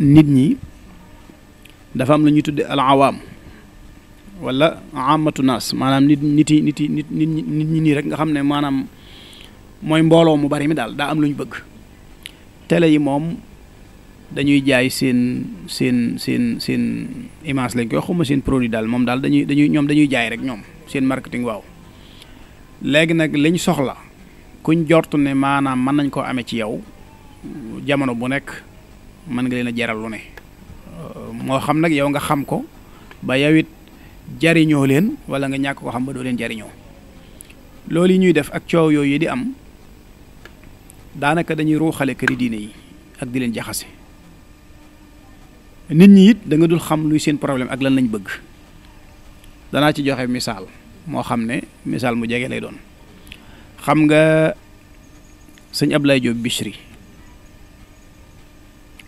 nit ñi dafa am lu ñuy tudde al awaam wala amatu naas maanaam nit nit yi nit yi nit nit nit ñi nii rek nga xam ne maanaam mooy mbooloo mu bari mi daal daa am lu ñu bëgg tele yi moom dañuy jaay seen seen seen seen image lañ koy ma seen produit daal moom daal dañuy dañuy ñoom dañuy jaay rek ñoom seen marketing waaw léegi nag liñ soxla kuñ jortu ne maanaam mën nañ koo amee ci yow jamono bu nekk mën nga leen a jaral lu ne moo xam nag yow nga xam ko ba yow it jariñoo leen wala nga ñàkk ko xam ba doo leen jariñoo loolu yi ñuy def ak coow yooyu di am daanaka dañuy ruuxale këri diine yi ak di leen jaxase nit ñi it danga dul xam luy seen problème ak lan lañ bëgg danaa ci joxe misaal moo xam ne misaal mu jege lay doon xam nga sëñ Ablaye Diop Bichri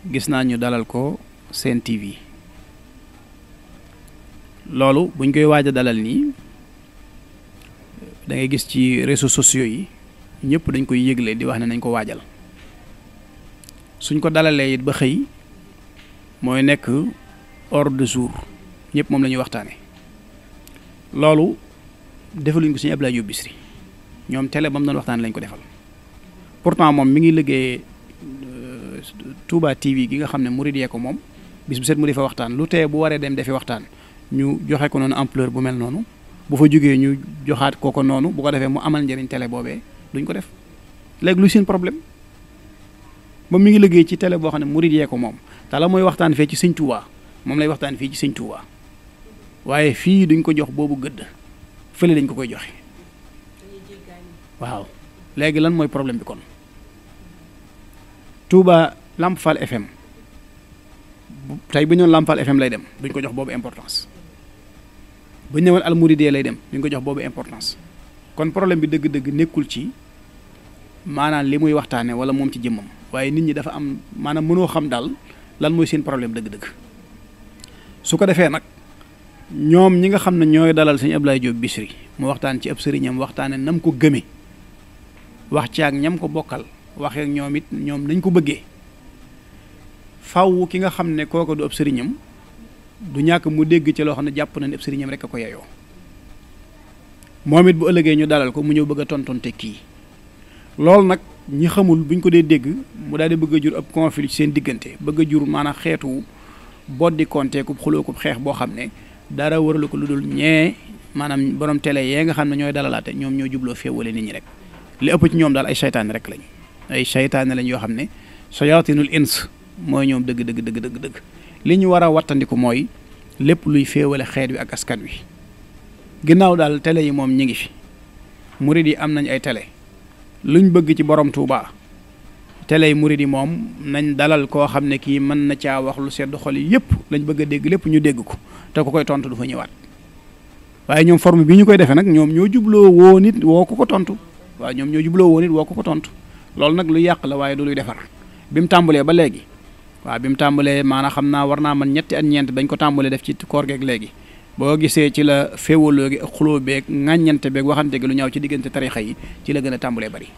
gis naa ñu dalal ko Sen TV loolu buñ koy waaj a dalal nii dangay gis ci réseaux sociaux yi ñëpp dañ koy yëgle di wax ne nañ ko waajal suñ ko dalalee it ba xëy mooy nekk ordre du jour ñëpp moom lañuy ñuy waxtaane loolu defaluñ ko suñu Abdoulaye Diop Bichri ñoom télé ba mu doon waxtaan lañ ko defal pourtant moom mi ngi liggéey Touba TV ki nga xam ne murid yee ko moom bis bu set mu di fa waxtaan lu tee bu waree dem defi waxtaan ñu joxe ko noonu ampleur bu mel noonu bu fa jógee ñu joxaat kooko noonu bu ko defee mu amal njariñ télé boobee duñ ko def léegi lu seen problème moom mi ngi liggéey ci télé boo xam ne murid yee ko moom te mooy waxtaan fee ci sëñ moom lay waxtaan fii ci sëñ waaye fii duñ ko jox boobu gëdd fële dañ ko koy joxe waaw léegi lan mooy problème bi kon Touba Lamp Fall FM tey bu ñu ñëwoon Lamp FM lay dem duñ ko jox boobu importance bu ñu ñëwoon Almouridiyyah lay dem duñ ko jox boobu importance kon problème bi dëgg-dëgg nekkul ci maanaam li muy waxtaane wala moom ci jëmmam waaye nit ñi dafa am maanaam mënoo xam daal lan mooy seen problème dëgg-dëgg su ko defee nag ñoom ñi nga xam ne ñooy dalal sëñ Ablaye Diop Bichri mu waxtaan ci ab sëriñam waxtaane nam ko gëme wax ci ak ñam ko bokkal. waxee ñoom it ñoom nañ ko bëggee faw ki nga xam ne kooka du ab sëriñam du ñàkk mu dégg ci loo xam ne jàpp nañ ne rek ko yeyoo moom it bu ëllëgee ñu dalal ko mu ñëw bëgg a tontonte kii loolu nag ñi xamul buñ ko dee dégg mu daal di bëgg jur ab conflit seen diggante bëgg a jur maanaam xeetu boddi konteeku xulooku xeex boo xam ne dara waralu ko lu dul ñee maanaam borom télé yee nga xam ne ñooy dalalaate ñoom ñoo jubloo féewale nit ñi rek li ëpp ci ñoom daal ay seytaane rek lañu. ay seytaane lañ yoo xam ne sayatinul ins mooy ñoom dëgg dëgg dëgg dëgg dëgg li ñu war a wattandiku mooy lépp luy féewale xeet wi ak askan wi ginnaaw daal tele yi moom ñi ngi fi murid yi am nañ ay tele luñ bëgg ci borom Touba tele yi murid yi moom nañ dalal koo xam ne kii mën na caa wax lu sedd xol yi yëpp lañ bëgg a dégg lépp ñu dégg ko te ku koy tontu du fa ñëwaat waaye ñoom forme bi ñu koy defee nag ñoom ñoo jubloo woo nit woo ko ko tontu waaye ñoom ñoo jubloo loolu nag lu yàq la waaye du luy defar bi mu tàmbalee ba léegi waaw bi mu tàmbalee maanaam xam naa war naa man ñetti at ñeent dañ ko tàmbalee def ci koor geek léegi boo gisee ci la féewaloo gi ak xuloo beeg ŋàññante beeg waxante gi lu ñaw ci diggante tarixa yi ci la gën a tàmbalee bari